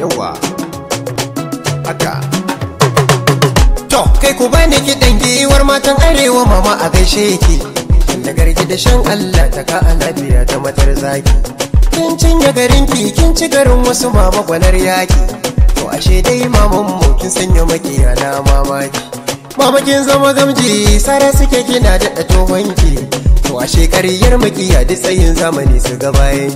yawa haka to kai ku bani kiɗan giwar matan arewa mama a gaishe ki da garki da shan Allah ta ka alabiya ta matar zaki kin cinye garin ki kin ci garin wasu mama gwanar yaki to ashe dai maman mu kin sanya makiya na mamaki mama kin zama gamji sare suke kina da tohonki ki to ashe kariyar makiya duk tsayin zamani su ga bayan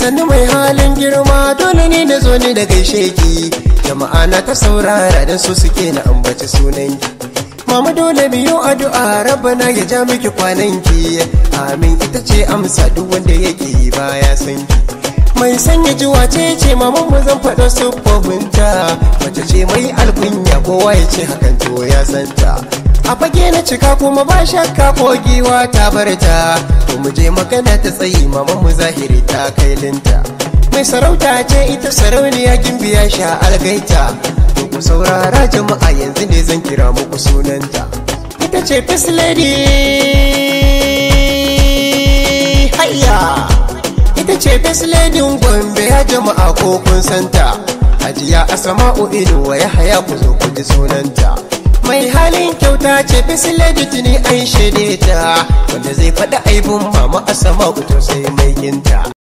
sannu mai halin girma dole ne na zo ne da gaishe ki jama'a na ta saurara da su suke na ambaci sunan ki mama dole biyo addu'a rabbana ya ja miki kwanan ki amin ita ce amsa duk wanda yake yi baya san ki mai sanya jiwa ce ce mama mu zan faɗa siffofinta mace ce mai alkunya kowa ya ce hakan to ya santa a fage na cika kuma ba shakka ko giwa ta barta to mu je magana ta tsayi mama mu zahiri ta kailinta mai sarauta ce ita sarauniya gimbiya sha algaita to ku saurara jama'a yanzu ne zan kira muku sunanta ita ce fis lady hayya ita ce fis lady gombe ya jama'a ko kun santa hajiya asama'u ido wa ya haya ku zo ku ji sunanta mai halin kyauta ce bisile da jini an shaide ta wanda zai faɗi aibun mama a sama sai mai ginta